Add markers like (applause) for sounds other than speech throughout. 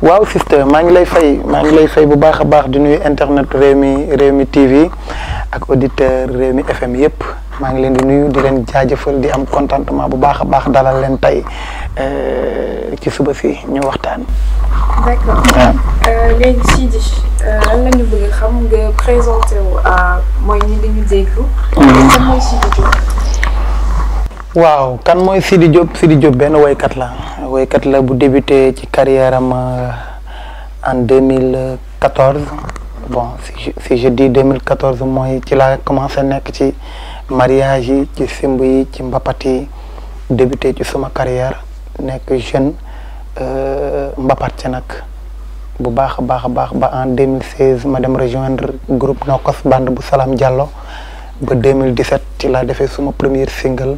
waaw sister maa ngi lay fay maa ngi lay fay bu baax a baax di nuy internet Rewmi mi TV ak auditeur Rewmi FM yëpp maa ngi leen di nuyu di leen jaajëfal di am contentement bu baax a baax dalal leen tey euh, ci suba si ñu waxtaan. d'accord ah. euh, euh, xam nga mooy ñi mm-hmm. kan mooy Sidi Diop. waaw kan mooy Sidi Diop Sidi Diop benn woykat la. woykat la bu débuté ci carrière am euh, en 2014 bon si di je mille 2014 mooy ci laa commencé nekk ci mariage yi ci simb yi ci mbapat yi débuté ci suma carrière nekk jeune euh, mbapat ci nag bu baax a baax a baax ba en 2016 ma dem rejoindre groupe Nokos bande bu salaam jallo ba mille 2017 ci laa defee suma premier single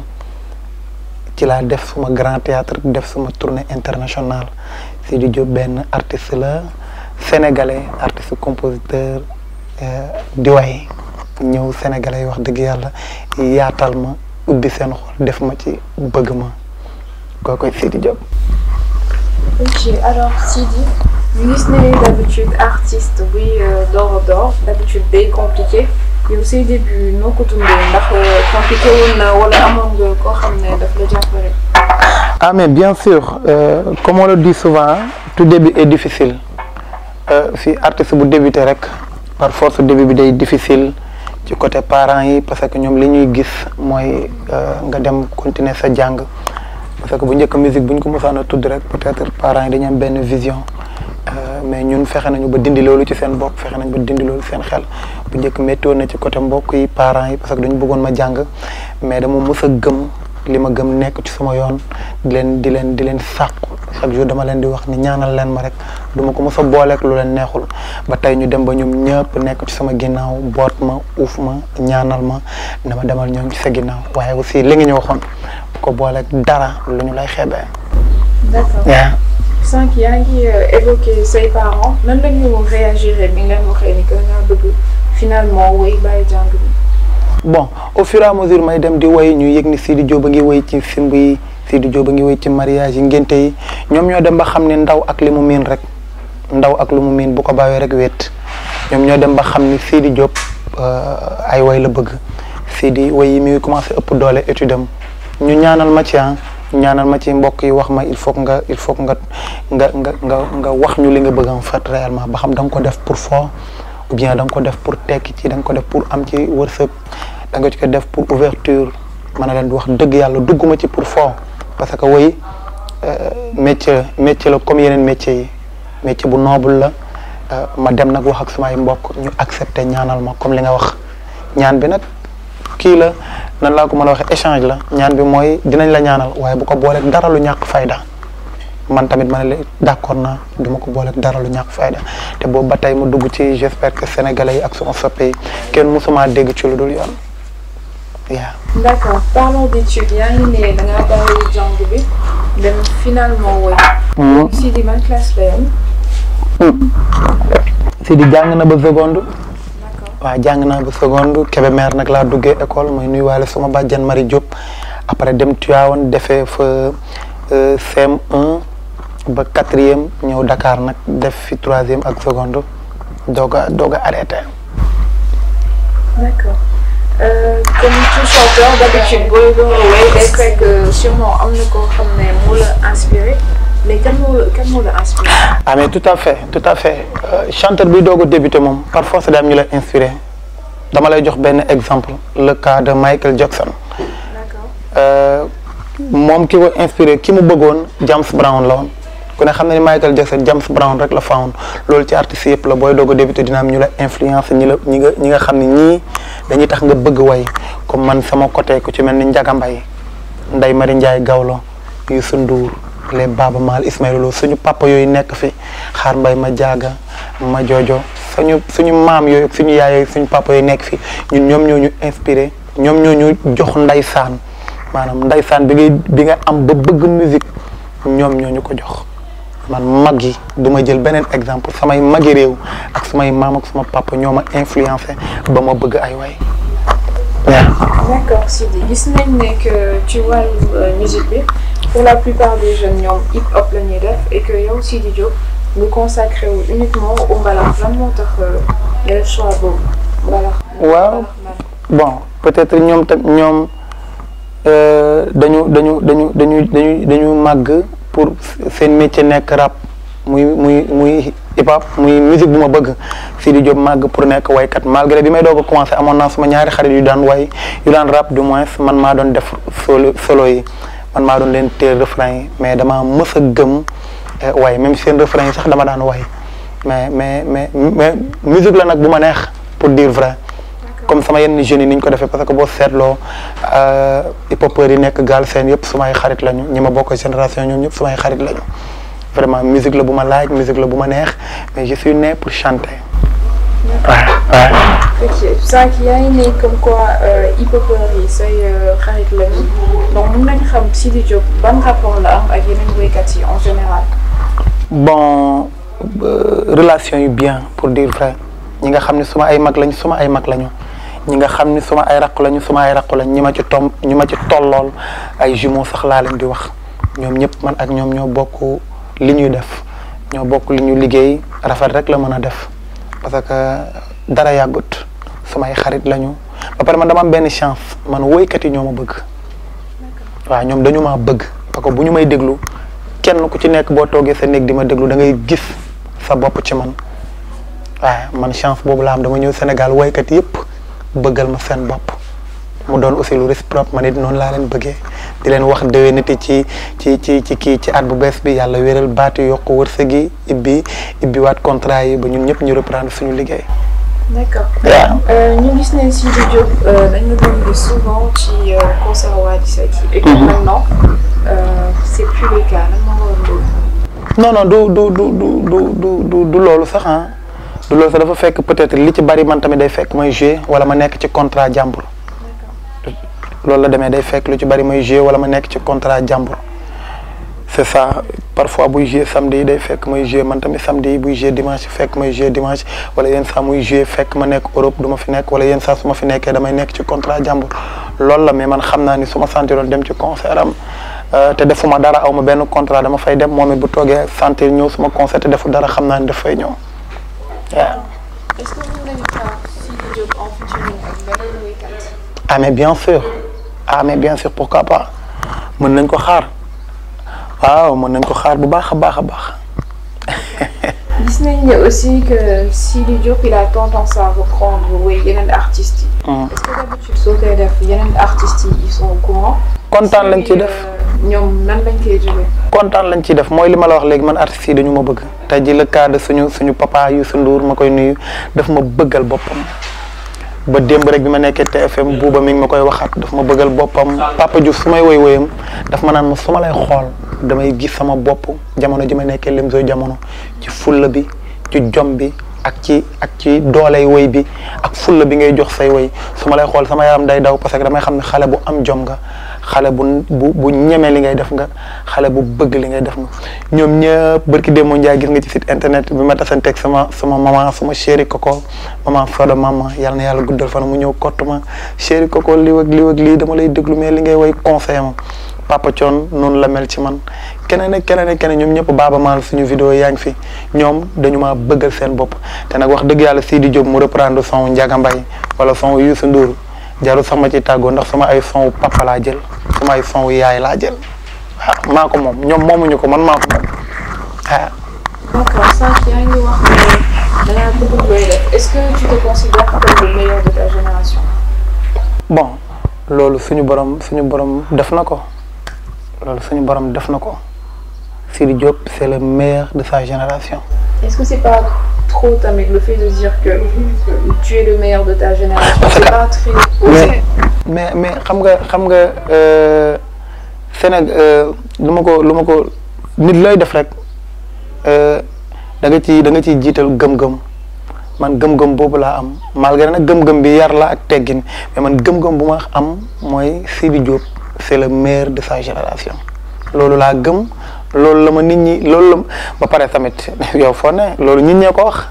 ci laa def suma grand théâtre def suma tournée internationale Sidy Diop benn artiste la sénégalais artiste compositeur euh, di way ñëw sénégalais yi wax dëgg yàlla yaatal ma ubbi seen xool def ma ci bëgg ma koo koy Sidy Diop ok yow say début noo ko dundee ndax euh, compliqué woon na wala amoon nga koo xam ne daf la jàppale. ah mais bien sûr euh, comme on le dit souvent tout début est difficile euh, si artiste bu débuté rek par force début bi day difficile ci côté parents yi parce que ñoom li ñuy gis mooy euh, nga dem continuer sa jàng parce que bu njëkk musique bu ñu ko mosaan a tudd rek peut-être parent yi dañu benn vision. mais ñun fexe nañu ba dindi loolu ci seen boot fexe nañu ba dindi loolu seen xel bu njëkk méttoon na ci côté mbokk yi parents yi parce que dañu bëggoon ma jàng mais dama mës a gëm li ma gëm nekk ci sama yoon di leen di leen di leen sàqu chaque jour dama leen di wax ni ñaanal leen ma rek duma ko mës a booleeg lu leen neexul ba tey ñu dem ba ñoom ñëpp nekk ci sama ginnaaw boot ma uuf ma ñaanal ma na ma demal ñoom ci sa ginnaaw waaye aussi li nga ñu waxoon bu ko booleeg dara lu ñu lay xeebee. sànq yaa ngi euh, évoqué say parents nan la ñu réagir bi nga waxee ni que nga bëgg finalement woy bàyyi jàng bi. bon au fur et à mesure may dem di woy ñu yëg ni di Diop a ngi woy ci simb yi Sidi Diop a ngi woy ci mariage yi ngénte yi ñoom ñoo dem ba xam ne ndaw ak li mu miin rek ndaw ak lu mu miin bu ko bàyyee rek wet ñoom ñoo dem ba xam ni Sidi Diop euh, ay woy la bëgg Sidi woy yi mi ngi commencé ëpp doole étude am ñu ñaanal ma ñaanal ma ci mbokk yi wax ma il faut nga il faut nga nga nga nga nga wax ñu li nga bëgg en fait réellement ba xam da nga ko def pour fo ou bien da nga ko def pour tekki ci da ko def pour am ci wërsëg da nga ci ko def pour ouverture ma ne leen di wax dëgg yàlla dugguma ci pour fo parce que woy euh, métier métier la comme yeneen métier yi métier bu noble la euh, ma dem nag wax ak samay mbokk ñu accepté ñaanal ma comme li nga wax ñaan bi nag kii la nan laa ko mën a waxee échange la ñaan bi mooy dinañ la ñaanal waaye bu ko booleeg dara lu ñàkk fayda man tamit ma ne la d'accord naa du ma ko booleeg dara lu ñàkk fayda te boobu ba tey mu dugg ci j'espère que sénégalais yi ak suma soppe kenn musuma dégg ci lu dul yoon waaw. d'accord yaa bi dem finalement woy. Hmm. Sidi ban classe waa jàng naa ba seconde Kébémer nag laa duggee école mooy nuyuwaale sama bàjjan Marie Diop après dem Tivaouane defee fa euh, CM1 ba quatrième ñëw Dakar nag def fi troisième ak seconde doog a doog Ah, mais tout à fait tout à fait euh, chanteur buy doog a débuté moom par force daam ñu la inspiré dama lay jox benn exemple le cas de Michael Jackson. d'accord euh, moom ki ko inspiré ki mu bëggoon James Brown la woon ku ne xam na ni Michael Jackson James Brown rek la found loolu ci artistes yëpp la booy doog a débuté dina am ñu la influence ñi la ñi nga ñi nga xam ne ñii dañuy tax nga bëgg way comme man sama côté ku ci mel ni Ndiaga Mbaye Ndeye Marie Ndiaye Gawlo Youssou Ndour jàppale Baaba Maal Ismaïla Lo suñu papa yooyu nekk fi xaar mbay ma jaaga ma joojo suñu suñu maam yooyu suñu yaay yooyu suñu papa yooyu nekk fi ñun ñoom ñoo ñu inspiré ñoom ñoo ñu jox ndaysaan maanaam ndaysaan bi ngay bi nga am ba bëgg musique ñoom ñoo ñu ko jox. man mag yi du jël beneen exemple samay magi réew ak samay maam ak sama papa ñoo ma influencé ba ma bëgg ay way. pour la plupart des jeunes ñoom hip hop la ñuy def et que yow Sidy Diop ñu consacré wu uniquement au mbalax lan moo tax nga euh, def choix boobu mbalax. waaw bon peut-être ñoom tam ñoom euh, dañu dañu dañu dañu dañu dañu màgg pour seen métier nekk rap muy muy muy hip hop muy musique bu ma bëgg di Diop màgg pour nekk waykat malgré bi may doog a commencé amoon naa suma ñaari xarit yu daan way yu daan rap du moins man maa doon def solo solo yi. man maa doon leen téel refrain yi mais dama mës a gëm eh, waaye même seen refrain yi sax dama daan way mais mais mais mais musique la nag bu ma neex pour dire vrai comme sama yenn jeunes yi ni ñu ko defee parce que boo seetloo euh, hip hopeurs yi nekk gaal seen yëpp sumay xarit lañu ñi ma bokk génération ñoom ñëpp sumay xarit lañu vraiment musique la bu ma laaj musique la bu ma neex mais je suis pour chanter. sànq yaa ngi ne comme quoi hip hopeur la ak yeneen bon euh, relation yu bien pour dire ñi nga xam ne suma ay mag lañ suma ay mag lañu ñi nga xam ne suma ay raq lañu suma ay raq lañ ñi ma ci tom ñi ma ci tollool ay jumeaux sax laa leen di wax ñoom ñëpp man ak ñoom ñoo bokk li ñuy def ñoo bokk li ñu liggéey rafet rek la mën a def parce que dara yàggut. samay xarit lañu ba pare man dama am benn chance man woykat yi ñoo ma bëgg waaw ñoom dañu ma bëgg parce bu ñu may déglu kenn ku ci nekk boo toogee sa néeg di ma déglu dangay gis sa bopp ci man waaw man chance boobu laa am dama ñëw Sénégal woykat yëpp bëggal ma seen bopp mu doon aussi lu réciproque ma nit noonu laa leen bëggee di leen wax déwénati ci ci ci ci kii ci at bu bees bi yàlla wéral baatu yokk wërsëg yi ibbi ibbiwaat contrat yi ba ñun ñëpp ñu reprendre suñu liggéey. d'accord waaw. ñu gis ne Sidy Diop dañ la doon gis souvent ci euh, conservatoire di Sadji. et que mhm. maintenant euh, c'est plus le cas lan moo waroon loolu. non non du du loolu sax ah du fekk peut-être li ci bari man tamit day fekk may joué wala ma nekk ci contrat jàmbur. loolu la demee day fekk lu ci bari may joué wala ma nekk ci contrat jàmbur. c'est ça parfois buy jouer samedi yi day fekk may jouer man tamit samedi yi buy jouer dimanche fekk may jouer dimanche wala yenn saa muy jouer fekk ma nekk Europe du ma fi nekk wala yenn saa su ma fi nekkee damay nekk ci contrat jàmbur loolu la mais man xam naa ni suma ma dem ci concert am euh, te defuma dara aw ma benn contrat dama fay dem moom it bu toogee sentir ñëw suma concert te defu dara xam naa ni daf fay ñëw waaw ah mais bien sûr ah bien sûr pourquoi pas mën nañ ko xaar waaw mën nañ ko xaar bu baax a baax a baax. gis nañ aussi que Sidy a tendance à reprendre oui yeneen mm. kontaan lañ ciy def euh, ñoom nan lañ kontaan lañ ciy def mooy li ma la wax léegi man artistes yi dañu ma bëgg tey ji le cas suñu suñu papa Youssou Ndour ma koy nuyu daf ma bëggal boppam. ba démb rek bi ma nekkee TFM buuba mi ma koy waxat daf ma bëggal boppam Papa Diouf su may woy woyam daf ma naan ma su ma lay xool. damay gis sama bopp jamono ji ma nekkee Lemzo jamono ci fulla bi ci jom bi ak ci ak ci dooley woy bi ak fulla bi ngay jox say woy su ma lay xool sama yaram day daw parce que damay xam ne xale bu am jom nga xale bu bu bu ñeme li ngay def nga xale bu bëgg li ngay def nga ñoom ñëpp barki démb Ndiaye gis nga ci sit internet bi ma tasanteeg sama sama maman sama chéri koko maman Fado maman yal na yàlla guddal fan mu ñëw kott ma chéri koko lii ak lii ak lii dama lay déglu mais li ngay woy conseil ma Papa Thion noonu la mel ci man keneen ak keneen ak keneen ñoom ñëpp Baaba Maal suñu video yaa ngi fi ñoom dañu ma bëggal seen bopp te nag wax dëgg yàlla di Diop mu reprendre son Ndiaga Mbaye wala son Youssou Ndour jaru sama ci tàggoo ndax sama ay son papa laa jël ay son yaay laa jël waaw ah, maa moom ñoom moomuñu ko man maa ko moom ah. Euh, loolu suñu borom suñu borom def na ko. loolu suñu borom def na ko Sidy Diop c' est le meilleur de sa génération. est ce tamit le ah, mais mais xam nga xam nga euh, Sénégal euh, lu ma ko lu ma ko nit lay def rek euh, da nga ci danga nga ciy jiital gëm-gëm. man gëm-gëm boobu laa am malgré nag gëm-gëm bi yar la ak teggin mais man gëm-gëm bu ma am mooy Sidy Diop c'est le maire de sa génération loolu laa gëm loolu la ma nit ñi loolu la ba pare tamit (laughs) yow foo loolu nit ñi ko wax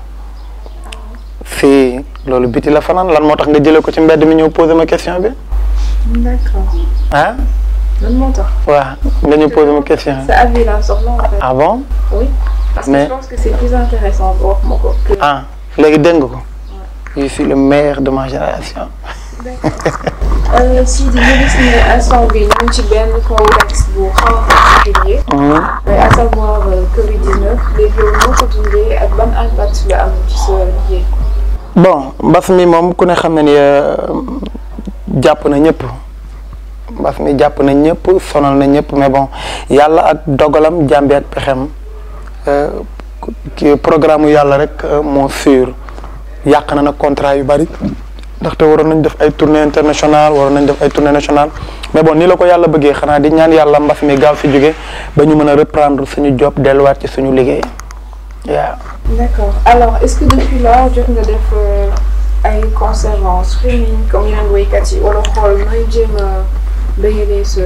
si loolu biti la fanaan lan moo tax nga jëlee ko ci mbedd mi ñëw posé ma question bi. d'accord. ah. nga ñu posé ma question. sa ah bon. oui ah, léegi dégg nga ko. je suis le meilleur de ma génération. d'accord bii ci benn bon mbas mi moom ku ne xam ne ni euh, jàpp na ñëpp mbas mi jàpp na ñëpp sonal na ñëpp mais bon yàlla ak dogalam jàmbi ak pexem euh, programme yàlla rek euh, moo sûr yàq na na contrat yu bari. ndaxte waroon nañ def ay tournée internationale waroon nañ def ay tournée nationale mais bon ni la ko yàlla bëggee xanaa di ñaan yàlla mbas mi gaaw fi jóge ba ñu mën a reprendre suñu job delluwaat ci suñu liggéey waaw. d'accord alors est-ce que def euh, yi wala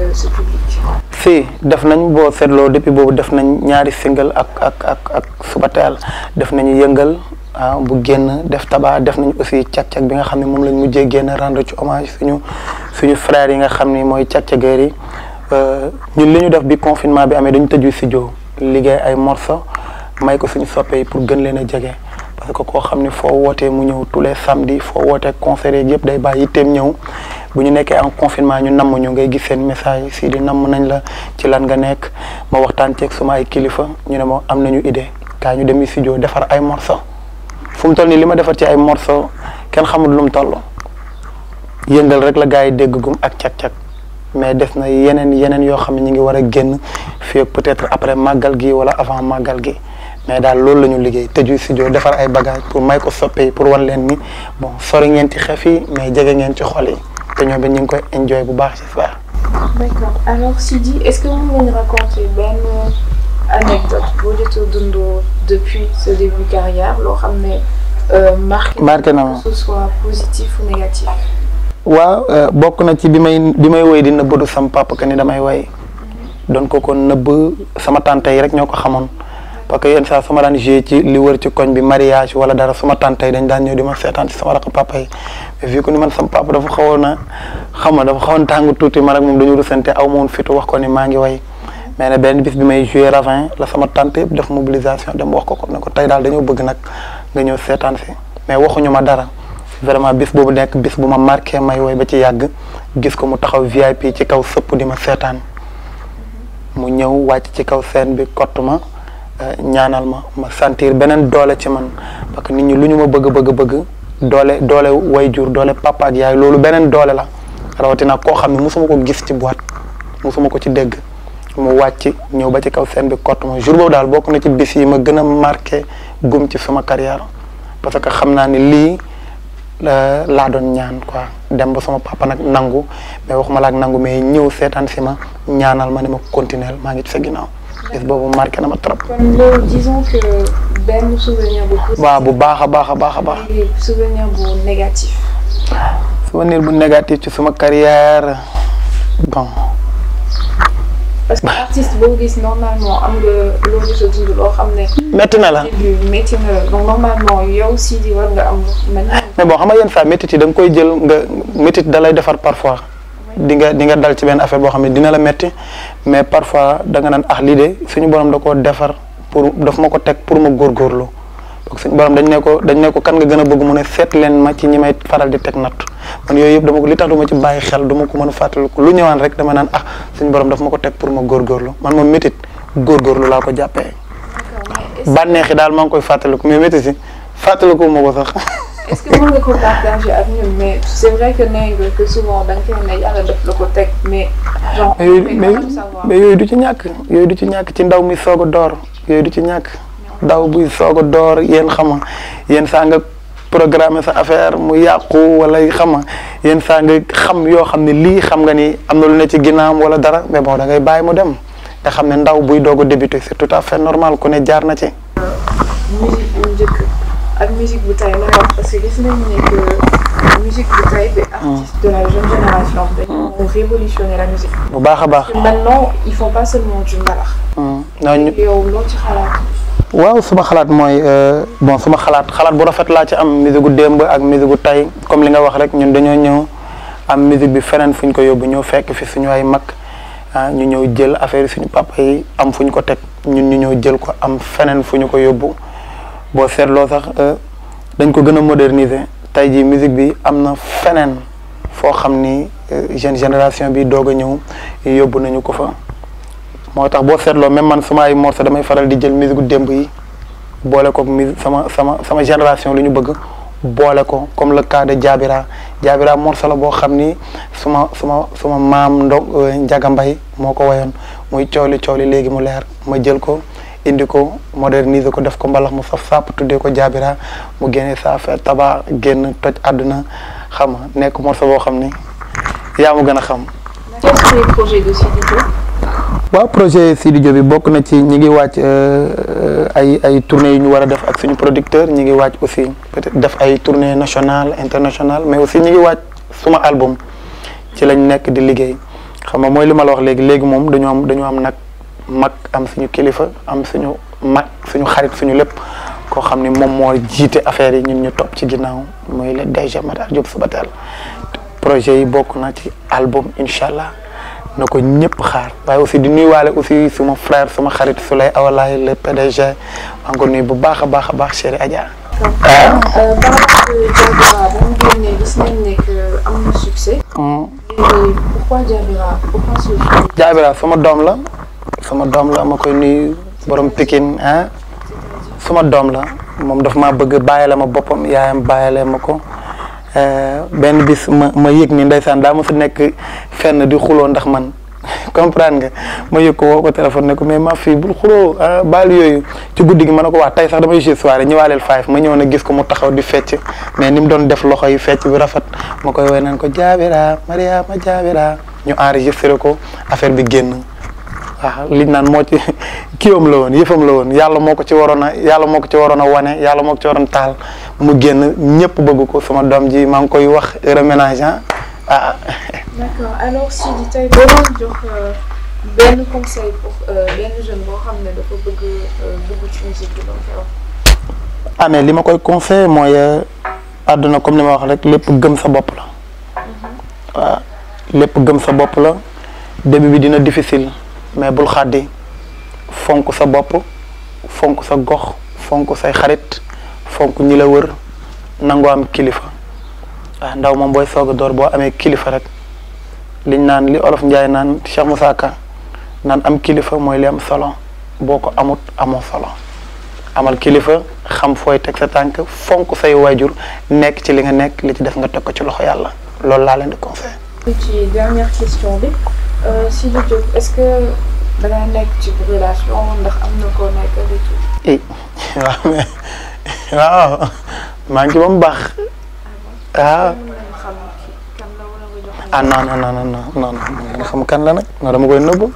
xool def nañ boo seetloo depuis boobu def nañ ñaari single ak ak ak ak suba teel def nañu yëngal. ah bu génn def taba def nañ aussi càq-càq bi nga xam ne moom mu mujjee génn rendre ci hommage suñu suñu frères yi nga xam ni mooy càq-càqeer yi euh, ñun li ñu def bi confinement bi amee dañu tëju studio liggéey ay morceaux may ko suñu soppe pour gën leen a jege parce que koo xam ne foo wootee mu ñëw tous les samedis foo wootee concert yi day bàyyi ñëw bu ñu nekkee en confinement ñu namm ngay gis seen message si di namm nañ la ci lan nga nekk ma waxtaan ceeg suma ay kilifa ñu ne moo am nañu idée kaay ñu dem studio defar ay morceaux fu mu toll nii li ma defar ci ay morceau kenn xamul lu mu yëngal rek la gars yi déggagum ak cag-cag mais des na yeneen yeneen yoo xam ne ñu ngi war a génn fii peut-être après maggal gi wala avant maggal gi mais daal loolu la ñu liggéey tëju studio defar ay bagages pour may ko soppe yi pour wan leen ni bon sori ngeen ci xef yi mais jege ngeen ci xol yi te ñoom it ñu ngi koy enjoy bu baax ci saa. a dundoo loo xam ne euh, marqué. marqué na ma waaw euh, bokk na ci bi may bi may woy di nëbbatu sama papa que ni damay woy doon kon ko nëbb sama tante rek ñoo ko xamoon parce que yenn saa su ma daan joué ci li wër ci koñ bi mariage wala dara sama tante dañ daan ñëw di ma seetaan ci sama rakk papa yi mais vu que ni man sama papa dafa xawoon na xam nga dafa xawoon tàng tuuti man ak moom dañu rusante aw ma woon wax ko ni maa ngi woy mais ne benn bis bi may joué Ravin la sama tant yëpp def mobilisation dem wax ko ko ne ko tey daal dañoo bëgg nag nga ñëw seetaan si mais waxuñu ma dara vraiment bis boobu nekk bis bu ma marke may woy ba ci yàgg gis ko mu taxaw VIP ci kaw sëpp di ma seetaan mu ñëw wàcc ci kaw scène bi kott ma euh, ñaanal ma ma sentir beneen doole ci man parce que nit ñi lu ñu ma bëgg bëgg bëgg doole doole jur doole papa ak yaay loolu beneen doole la rawatina koo xam ne mosuma ko gis ci boîte mosuma ko ci dégg. mu wàcc ñëw ba ci kaw scène bi kott ma jour boobu daal bokk na ci bis ma gën a marqué gum ci sama carrière parce que xam naa ni lii laa doon ñaan quoi dem ba sama papa nag nangu mais waxuma la ak nangu mais ñëw seetaan si ma ñaanal ma ne ma continuer maa ngi ci sa ginnaaw. bis boobu marqué na ma trop. waa bu. waaw bu baax a baax a baax a baax. souvenir bu négatif. souvenir bu négatif ci sama carrière bon. parce na artiste boo gis normalement am nga loo gis a dund loo xam ne. métti na la métti na la yow si di war nga am. Ah, mais bon xam nga yenn da nga koy jël nga métti da defar parfois. di nga di nga dal ci benn affaire boo xam ne dina la métti mais parfois danga nga naan ah lii de ñu borom da koo defar pour daf ma ko teg pour ma góorgóorlu. donc suñu dañ ne ko dañ ne ko kan nga gën a bëgg mu ne leen ma ci ñi may faral di teg natt man yooyu yëpp dama ko li tax du ma ci bàyyi xel du ko mën a fàttaliku lu ñëwaan rek dama naan ah suñu ma ko teg pour ma góorgóorlu man moom métit góorgóorlu laa ko jàppee. bànneexi daal maa ngi koy fàttaliku mais métit si ma ko sax. (laughs) est-ce ko partager ak ñun mais c'est vrai que nee yooyu du ci ñàkk yooyu du ci ñàkk ci ndaw mi soog a door yooyu du ci ñàkk daw buy soog a door yéen xama yéen saa nga programme sa affaire mu yàqu wala xama yenn saa nga xam yoo xam ne lii xam nga ni am na lu ne ci ginnaam wala dara mais bon da ngay bàyyi mu dem te xam ne ndaw buy doog a débuté c'est tout à fait normal ku ne jaar na ci. ak musique bu tay que gis nañu ah. ah. bu baax a baax maintenant ah. loo ci xalaat waaw suma xalaat mooy euh, bon suma xalaat xalaat bu rafet laa ci am musique gu démb ak musique gu tay comme li nga wax rek ñun dañoo ñëw am musique bi feneen fu ñu ko yóbbu ñëw fekk fi suñu ay mag ah ñu ñëw jël affaire suñu papa am fu ñu ko teg ñun ñu ñëw jël ko am feneen fu ñu ko yóbbu boo seetloo sax euh, dañ ko gën a moderniser tey jii musique bi am na feneen foo xam ni euh, jeune génération bi doog a ñëw yóbbu nañu ko fa moo tax boo seetloo même man sama ay morceau damay faral di jël musique bu démb yi boole ko musique sama sama sama génération lu ñu bëgg boole ko comme le cas de Diabira Diabira morceau la boo xam ni suma suma suma maam ndo euh, Njaga Mbay moo ko woyoon muy cooli cooli léegi mu leer ma jël ko indi ko moderniser ko def ko mbalax mu saf sàpp de ko jaabira mu génne saa fa taba génn toj àdduna xam nga nekk morceau boo xam ne yaa mu gën a xam. projet projet Sidy Diop bi bokk na ci ñi ngi wàcc euh, euh, ay ay tournées yu ñu war a def ak suñu producteur ñi ngi wàcc aussi peut-être def ay tournées nationales internationales mais aussi ñi ngi wàcc suma album ci lañ nekk di liggéey xam nga mooy li ma la wax léegi léegi moom dañu am dañu am nag. mag am suñu kilifa am suñu mag suñu xarit suñu lépp koo xam ni moom moo jiite affaire yi ñu ñu topp ci ginnaaw muy le DG Matar Diop Soubatel projet yi bokk na ci album incha allah na ko ñëpp xaar waaye aussi di nuyuwaale aussi suma frère suma xarit Souley Awalaay le PDG maa ngi ko nuyu bu baax a baax a baax chéri Adja. ah euh, Jaabira mm. sama doom la. sama doom la ma koy nuyu borom Pikine ah sama doom la moom daf maa bëgg bàyyile ma boppam yaayam bàyyile ma ko eh, benn bis ma ma yëg ni ndeysaan daa ma fi nekk fenn di xuloo ndax man (laughs) comprendre nga ma yëg ko woo ko téléphone ne ko mais ma fi bul xuloo ah, baal yooyu ci guddi gi ma ne ko wax tey sax damay jouer soirée ñëwaaleel five ma ñëw na gis ko mu taxaw di fecc mais ni mu doon def loxo yi fecc bi rafet ma koy woy naan ko jaabira Mariama jaabira ñu enregistré ko affaire bi génn ah liñ naan moo ci (laughs) kiwam la woon yëfam la woon yàlla moo ko ci waroon a yàlla moo ko ci waroon a wane yàlla moo ko ci taal mu génn ñëpp bëgg ko sama doom ji maa ngi koy wax reménage ah. (laughs) d'accord euh, euh, euh, ah, li ma koy conseil mooy àdduna comme li ma wax rek lépp gëm sa bopp la. Mhm. waaw lépp gëm sa bopp la début bi dina difficile. mais bul xàddi fonk sa bopp fonk sa gox fonk say xarit fonk ñi la wër nangoo kilifa waaw ah, ndaw moom booy soog a door boo amee kilifa rek liñ naan li olof njaay naan Cheikh Moussa Ka naan am kilifa mooy li am solo boo ko amut amoo solo amal kilifa xam fooy teg sa tànk fonk say waajur nekk ci li nga nekk li ci def nga teg ko ci loxo yàlla loolu laa leen di conseillé. Euh, Sidy Diop est-ce que da nga nekk ci relation ndax am na koo nekk di ci. eh waaw mais waaw maa ngi ci ba mu baax. ah ah, ah non non non non non non xam kan la nag non dama koy nëbbu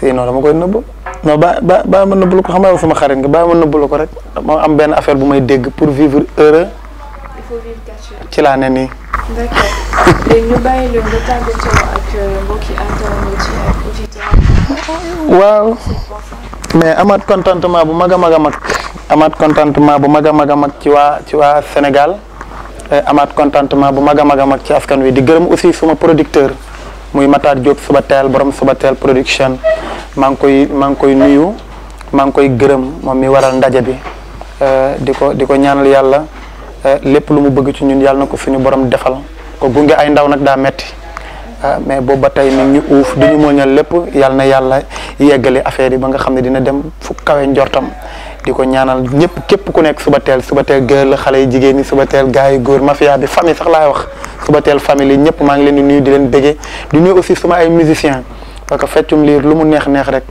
si non dama koy nëbbu. non ba ba baa ma nëbbu ko xam nga sama xarit nga baa ma nëbbu ko rek dama am benn affaire bu may dégg pour vivre heureux. ci laa ne nii. d'accord léegi (laughs) ñu euh, waaw mais amaat contentement bu mag a mag a mag amaat bu mag a mag a mag ci waa ci waa Sénégal amaat contentement bu mag a mag a ci askan wi di gërëm aussi suma producteur muy Matar Diop suba teel borom suba teel production maa ngi koy maa ngi koy nuyu maa ngi koy gërëm moom mi waral ndaje bi euh, di ko di ko ñaanal yàlla. Eh, lépp lu mu bëgg ci ñun yàlla na ko suñu borom defal ko gunge ay ndaw nag daa metti eh, mais boobu ba tey nag ñu uuf duñu mooñal lépp yàlla na yàlla yeggale affaire yi ba nga xam ne dina dem fu kawe njortam di ko ñaanal ñëpp képp ku nekk suba teel suba teel gër la xale yi jigéen ñi suba teel gars yi góor mafia bi famille sax laay wax suba teel famille yi ñëpp maa ngi leen di nuyu di leen béggee di nuyu aussi suma ay musiciens parce que feccum liir lu mu neex neex rek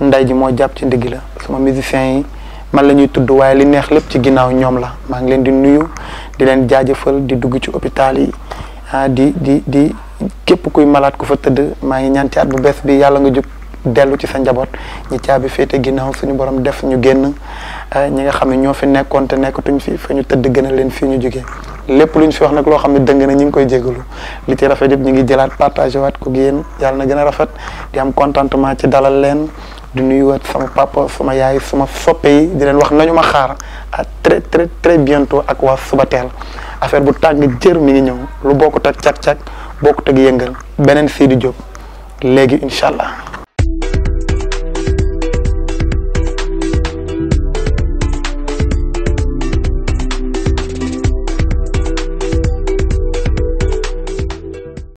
nday ji moo jàpp ci ndigg la suma musiciens yi man la ñuy tudd waaye li neex lépp ci ginnaaw ñoom la maa ngi leen di nuyu di leen jaajëfal di dugg ci hôpital yi ah di di di képp kuy malaat ku fa tëdd maa ngi ñaan ci bu bees bi yàlla nga jub dellu ci sa njaboot ñi caabi féete ginnaaw suñu borom def ñu génn ah, ñi nga xam ne ñoo fi nekkoon te nekkatuñ fi fa ñu tëdd gën leen fii ñu jógee lépp lu ñu fi wax nag loo xam ne dëng na ñu ngi koy jégalu li ci rafet yëpp ñu ngi jëlaat partagé waat ko yéen yàlla na gën a rafet di am contentement ci dalal leen di nuyuwaat sama papa sama yaay suma soppee yi di leen wax nañu ma xaar à très très très bientôt ak waa teel affaire bu tàng jër mi ngi ñëw lu bokkut ak càq-càq bokkut ak yëngal beneen Sidi Diop léegi incha allah.